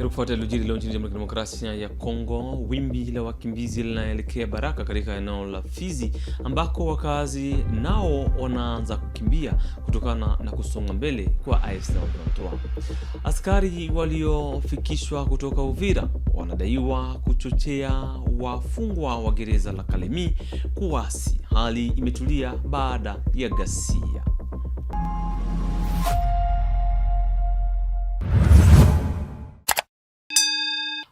Karibu kufuata lujiri leo nchini Jamhuri ya Kidemokrasia ya Kongo. Wimbi la wakimbizi linaelekea Baraka katika eneo la Fizi ambako wakazi nao wanaanza kukimbia kutokana na kusonga mbele kwa AFC 23 Askari waliofikishwa kutoka Uvira wanadaiwa kuchochea wafungwa wa gereza la Kalemi kuwasi Hali imetulia baada ya ghasia.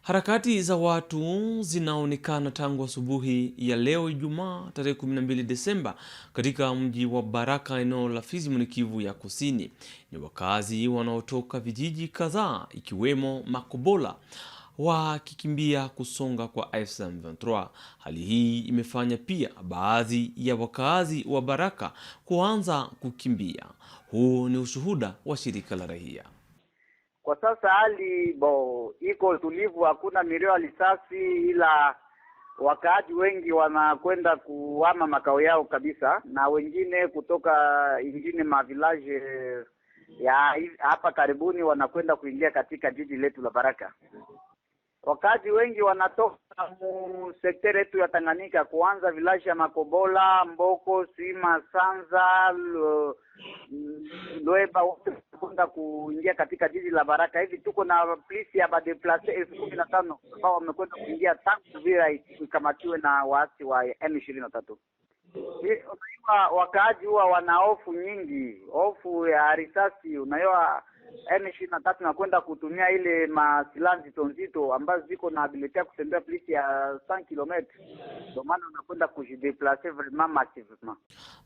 Harakati za watu zinaonekana tangu asubuhi ya leo Ijumaa tarehe 12 Desemba katika mji wa Baraka eneo la Fizi Kivu ya Kusini. Ni wakazi wanaotoka vijiji kadhaa ikiwemo Makobola wakikimbia kusonga kwa f M23. Hali hii imefanya pia baadhi ya wakazi wa Baraka kuanza kukimbia. Huu ni ushuhuda wa shirika la raia. Kwa sasa hali bo iko tulivu, hakuna milio ya risasi, ila wakaaji wengi wanakwenda kuhama makao yao kabisa, na wengine kutoka ingine mavilaje ya hapa karibuni wanakwenda kuingia katika jiji letu la Baraka. Wakaaji wengi wanatoka mu sekta yetu ya Tanganyika, kuanza vilaji ya Makobola, Mboko, Sima, Sanza, Lweba, wote kwenda kuingia katika jiji la Baraka. Hivi tuko na plisi ya badeplace elfu kumi na tano ambao wamekwenda kuingia tangu Uvira ikamatiwe na waasi wa M ishirini na tatu. Unajua wakaaji huwa wana hofu nyingi, hofu ya risasi, unajua M23 yaani na kwenda kutumia ile masilaha nzito nzito ambazo ziko na habilite ya kutembea plus ya 100 km, ndio maana wanakwenda kujideplace vraiment massivement.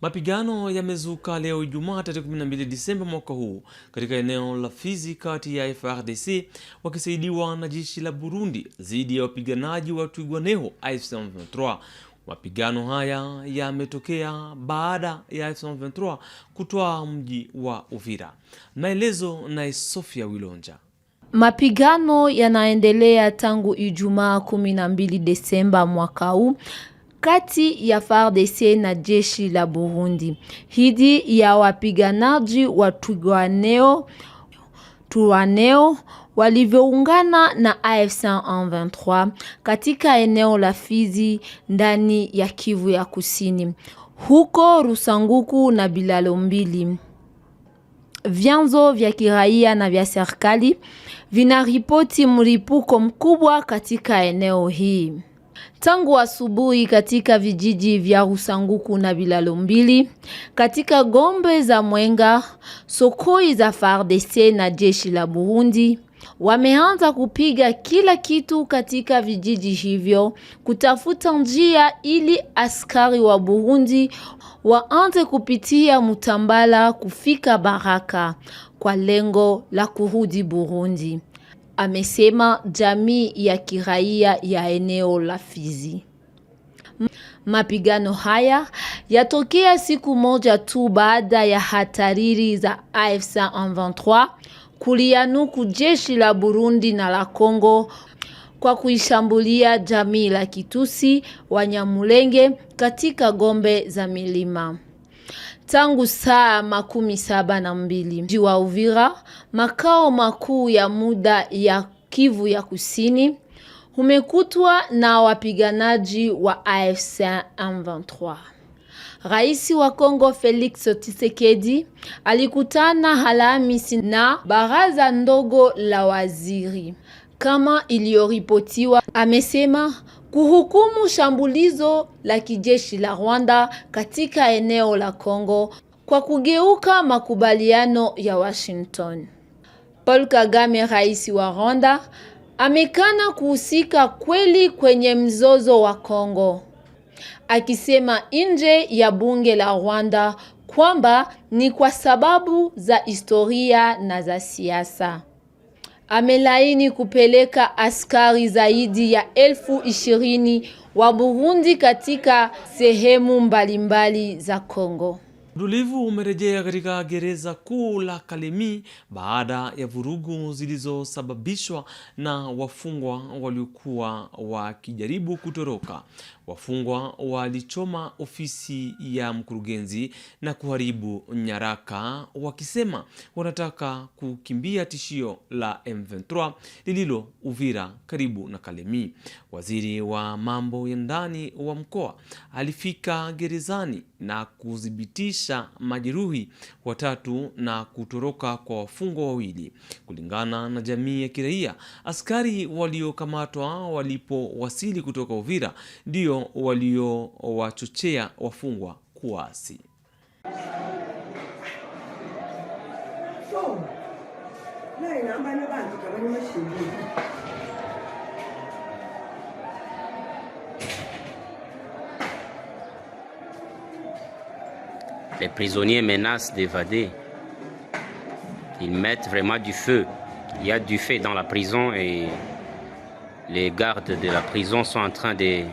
Mapigano yamezuka leo Ijumaa tarehe 12 Disemba mwaka huu katika eneo la Fizi kati ya frdc wakisaidiwa na jeshi la Burundi dhidi ya wapiganaji wa Twigwaneho AFC M23 Mapigano haya yametokea baada ya M23 kutoa mji wa Uvira. Maelezo na Sofia Wilonja. Mapigano yanaendelea tangu Ijumaa 12 Desemba mwaka huu kati ya FARDC na jeshi la Burundi hidi ya wapiganaji wa Twirwaneho walivyoungana na AFC M23 katika eneo la Fizi ndani ya Kivu ya Kusini huko Rusanguku na bilalo mbili Vyanzo vya kiraia na vya serikali vinaripoti mlipuko mkubwa katika eneo hii tangu asubuhi katika vijiji vya Rusanguku na bilalo mbili katika gombe za Mwenga, sokoi za FARDC na jeshi la Burundi Wameanza kupiga kila kitu katika vijiji hivyo kutafuta njia ili askari wa Burundi waanze kupitia Mutambala kufika Baraka kwa lengo la kurudi Burundi, amesema jamii ya kiraia ya eneo la Fizi. Mapigano haya yatokea siku moja tu baada ya hatariri za AFC M23 kulianuku jeshi la Burundi na la Kongo kwa kuishambulia jamii la Kitusi Wanyamulenge katika gombe za milima tangu saa makumi saba na mbili mji wa Uvira, makao makuu ya muda ya Kivu ya Kusini, umekutwa na wapiganaji wa AFC M23. Rais wa Kongo Felix Tshisekedi alikutana Alhamisi na baraza ndogo la waziri kama iliyoripotiwa, amesema kuhukumu shambulizo la kijeshi la Rwanda katika eneo la Kongo kwa kugeuka makubaliano ya Washington. Paul Kagame, rais wa Rwanda, amekana kuhusika kweli kwenye mzozo wa Kongo akisema nje ya bunge la Rwanda kwamba ni kwa sababu za historia na za siasa. Amelaini kupeleka askari zaidi ya elfu ishirini wa Burundi katika sehemu mbalimbali mbali za Kongo. Utulivu umerejea katika gereza kuu la Kalemi baada ya vurugu zilizosababishwa na wafungwa waliokuwa wakijaribu kutoroka. Wafungwa walichoma ofisi ya mkurugenzi na kuharibu nyaraka, wakisema wanataka kukimbia tishio la M23 lililo Uvira karibu na Kalemi. Waziri wa mambo ya ndani wa mkoa alifika gerezani na kuthibitisha majeruhi watatu na kutoroka kwa wafungwa wawili. Kulingana na jamii ya kiraia, askari waliokamatwa walipowasili kutoka Uvira ndio Les prisonniers menacent d'évader. Ils mettent vraiment du feu. Il y a du feu dans la prison et les gardes de la prison sont en train de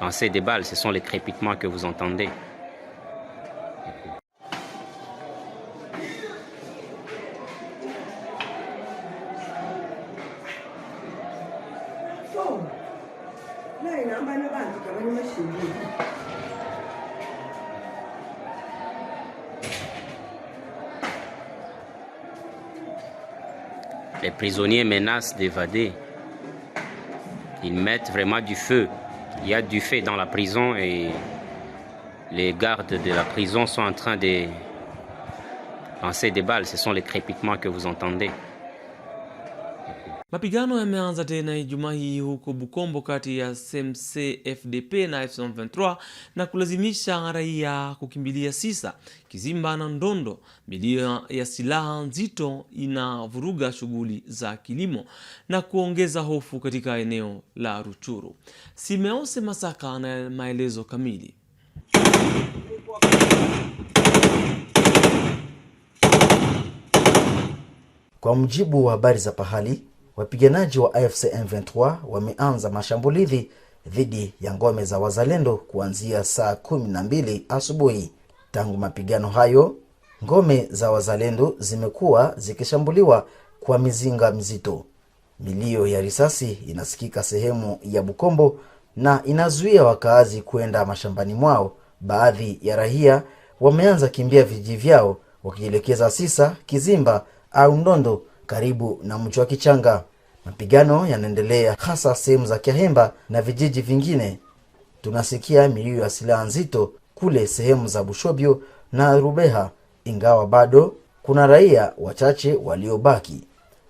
en des balles, ce sont les crépitements que vous entendez. Les prisonniers menacent d'évader. Ils mettent vraiment du feu il y a du fait dans la prison et les gardes de la prison sont en train de lancer des balles. Ce sont les crépitements que vous entendez. Mapigano yameanza tena Ijumaa hii huko Bukombo kati ya SMC FDP na f 23 na kulazimisha raia kukimbilia Sisa, Kizimba na Ndondo. Milio ya silaha nzito inavuruga shughuli za kilimo na kuongeza hofu katika eneo la Ruchuru. Simeose Masaka na maelezo kamili. Kwa mjibu wa habari za pahali wapiganaji wa AFC M23 wameanza mashambulizi dhidi ya ngome za wazalendo kuanzia saa kumi na mbili asubuhi. Tangu mapigano hayo, ngome za wazalendo zimekuwa zikishambuliwa kwa mizinga mizito. Milio ya risasi inasikika sehemu ya Bukombo na inazuia wakaazi kwenda mashambani mwao. Baadhi ya raia wameanza kimbia vijiji vyao wakielekeza Sisa, Kizimba au Ndondo karibu na mji wa Kichanga. Mapigano yanaendelea hasa sehemu za kiahemba na vijiji vingine. Tunasikia milio ya silaha nzito kule sehemu za Bushobyo na Rubeha, ingawa bado kuna raia wachache waliobaki,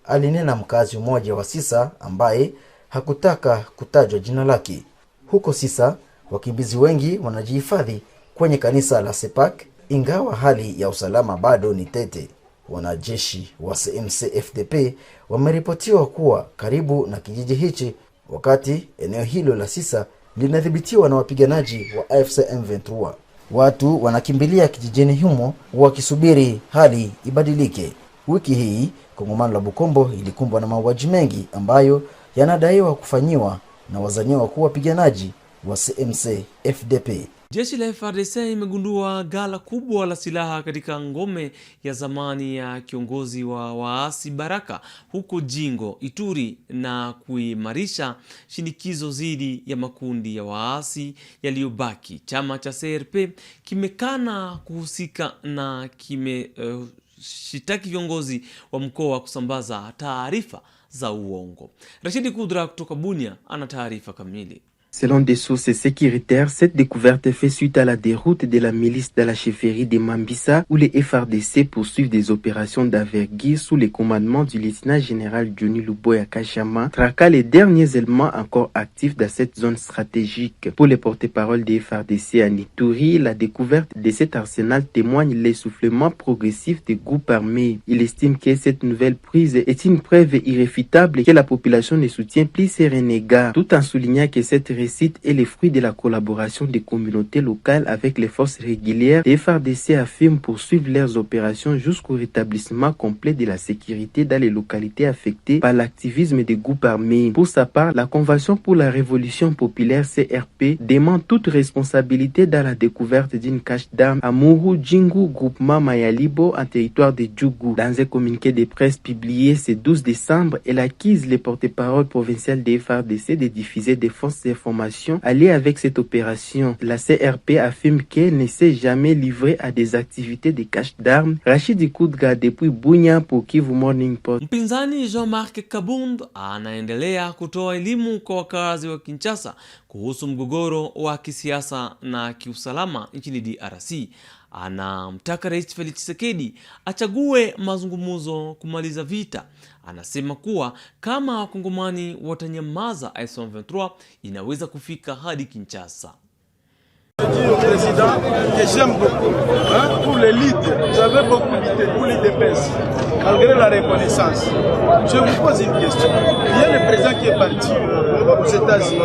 alinena mkazi mmoja wa Sisa ambaye hakutaka kutajwa jina lake. Huko Sisa, wakimbizi wengi wanajihifadhi kwenye kanisa la Sepak, ingawa hali ya usalama bado ni tete wanajeshi wa cmcfdp wameripotiwa kuwa karibu na kijiji hichi, wakati eneo hilo la sisa linadhibitiwa na wapiganaji wa AFC M23. Watu wanakimbilia kijijini humo wakisubiri hali ibadilike. Wiki hii kongamano la Bukombo ilikumbwa na mauaji mengi ambayo yanadaiwa kufanyiwa na wazaniwa kuwa wapiganaji wa CMC FDP. Jeshi la FARDC imegundua ghala kubwa la silaha katika ngome ya zamani ya kiongozi wa waasi Baraka huko Jingo, Ituri na kuimarisha shinikizo dhidi ya makundi ya waasi yaliyobaki. Chama cha CRP kimekana kuhusika na kimeshitaki eh, uh, viongozi wa mkoa kusambaza taarifa za uongo. Rashidi Kudra kutoka Bunia ana taarifa kamili. Selon des sources sécuritaires, cette découverte fait suite à la déroute de la milice de la chefferie de Mambisa où les FRDC poursuivent des opérations d'avergui sous les commandements du lieutenant général Johnny Luboya Kachama, traquant les derniers éléments encore actifs dans cette zone stratégique. Pour les porte-parole des FRDC à Nitouri, la découverte de cet arsenal témoigne l'essoufflement progressif des groupes armés. Il estime que cette nouvelle prise est une preuve irréfutable que la population ne soutient plus ces renégats, tout en soulignant que cette sites et les fruits de la collaboration des communautés locales avec les forces régulières. Les FARDC affirment poursuivre leurs opérations jusqu'au rétablissement complet de la sécurité dans les localités affectées par l'activisme des groupes armés. Pour sa part, la Convention pour la Révolution populaire CRP dément toute responsabilité dans la découverte d'une cache d'armes à Mourou Djingu, groupement Mayalibo, en territoire de Djougou. Dans un communiqué de presse publié ce 12 décembre, elle accuse les porte-parole provinciales des FARDC de diffuser des fausses informations informations avec cette opération. La CRP affirme qu'elle ne s'est jamais livrée à des activités de cache d'armes. Rachid Koudga depuis Bunya pour Kivu Morning Post. Mpinzani Jean-Marc Kabund anaendelea kutoa elimu kwa wakazi wa Kinshasa kuhusu mgogoro wa kisiasa na kiusalama nchini DRC. anamtaka Rais Felix chisekedi achague mazungumzo kumaliza vita. Anasema kuwa kama wakongomani watanyamaza, s 23 inaweza kufika hadi Kinshasa. président que j'aime beaucoup. pour hein, les vous avez beaucoup lutté pour les dépenses, malgré la reconnaissance. Je vous pose une question. Il y a le président qui est parti euh, aux États-Unis,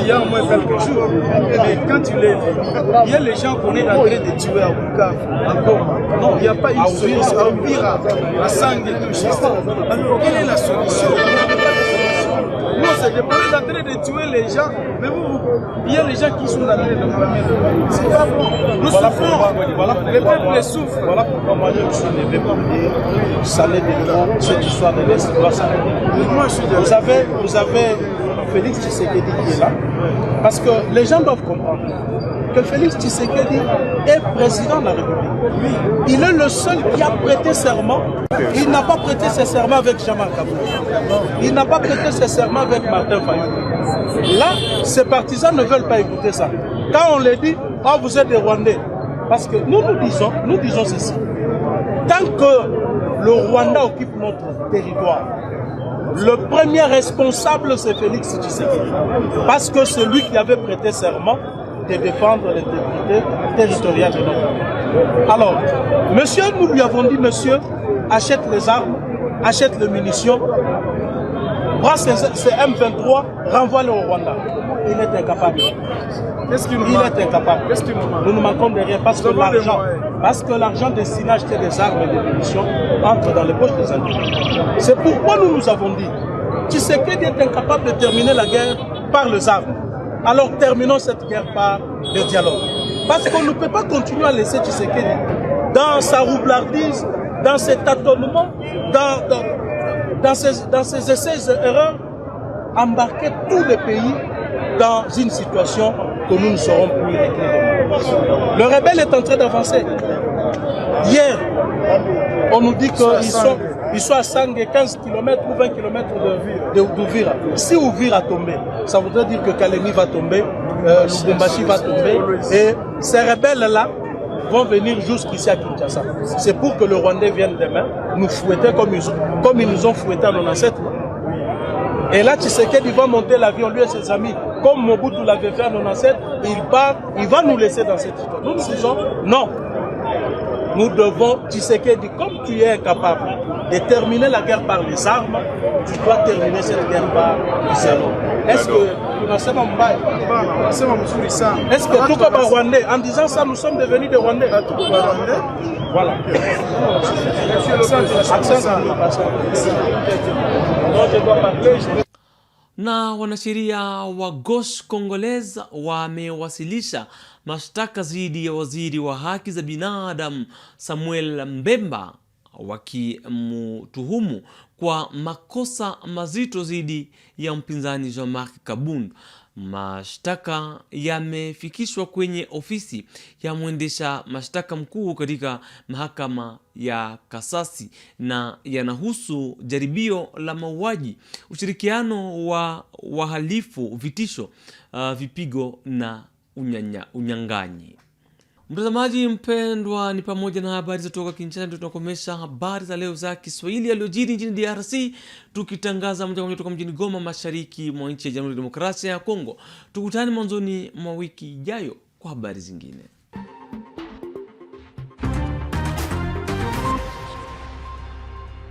il y a au moins quelques jours. Mais quand il est venu, il y a les gens qu'on est en train de tuer à Bouka, encore. Non, il n'y a pas une solution. À pirate, à Sang et tout, juste. Alors, quelle est la solution c'est que vous êtes en train de tuer les gens, mais vous, il y a les gens qui sont en train de C'est pas bon. Nous voilà souffrons. les peuples souffrent Voilà pourquoi moi je ne vais pas me dire saler de cette histoire de l'Est Vous avez, vous avez Félix Tshisekedi qui est là, parce que les gens doivent comprendre que Félix Tshisekedi est président de la République. Il est le seul qui a prêté serment. Il n'a pas prêté ses serments avec Jamal Kaboul. Il n'a pas prêté ses serments avec Martin Fayou. Là, ses partisans ne veulent pas écouter ça. Quand on les dit, ah, vous êtes des Rwandais. Parce que nous, nous disons, nous disons ceci. Tant que le Rwanda occupe notre territoire, le premier responsable, c'est Félix Tshisekedi. Parce que celui qui avait prêté serment de défendre l'intégrité territoriale de notre Alors, monsieur, nous lui avons dit, monsieur, achète les armes, achète les munitions, brasse ces M23, renvoie le au Rwanda. Il est incapable. Qu'est-ce qu'il Il est incapable. nous Nous manquons de rien parce que l'argent, eh. parce que l'argent destiné à acheter des armes et des munitions entre dans les poches des individus. C'est pourquoi nous nous avons dit, Tu sais qu'il est incapable de terminer la guerre par les armes. Alors terminons cette guerre par le dialogue. Parce qu'on ne peut pas continuer à laisser Tshisekedi dans sa roublardise, dans ses tâtonnements, dans, dans, dans, ses, dans essais et erreurs, embarquer tous les pays dans une situation que nous ne saurons plus Le rebelle est en train d'avancer. Hier, on nous dit qu'ils sont, sont à 5 15 km ou 20 km d'Ouvira. De, de, si Ouvira tombe, ça voudrait dire que Kalemi va tomber, euh, Lubumbashi va tomber. Et ces rebelles-là vont venir jusqu'ici à Kinshasa. C'est pour que le Rwandais vienne demain nous fouetter comme ils, comme ils nous ont fouettés nos ancêtres. Et là, Tshisekedi va monter l'avion, lui et ses amis, comme Mobutu l'avait fait nos ancêtres, il part, il va nous laisser dans cette histoire. Nous, nous disons non. Nous devons, tu sais dit comme tu es capable de terminer la guerre par les armes, tu dois terminer cette guerre par le armes Est-ce que est-ce que tout comme Rwandais, en disant ça, nous sommes devenus des Rwandais Voilà. seul, je dois parler. na wanasheria wa Gosh Congolaise wamewasilisha mashtaka dhidi ya waziri wa haki za binadamu Samuel Mbemba wakimtuhumu kwa makosa mazito dhidi ya mpinzani Jean-Marc Kabund mashtaka yamefikishwa kwenye ofisi ya mwendesha mashtaka mkuu katika mahakama ya kasasi na yanahusu jaribio la mauaji, ushirikiano wa wahalifu, vitisho, uh, vipigo na unyanya, unyang'anyi. Mtazamaji mpendwa, ni pamoja na habari zatoka kinchana Ndio tunakomesha habari za leo za Kiswahili yaliyojiri nchini DRC, tukitangaza moja kwa moja mjini Goma, mashariki mwa nchi ya Jamhuri ya Demokrasia ya Kongo. Tukutane mwanzoni mwa wiki ijayo kwa habari zingine.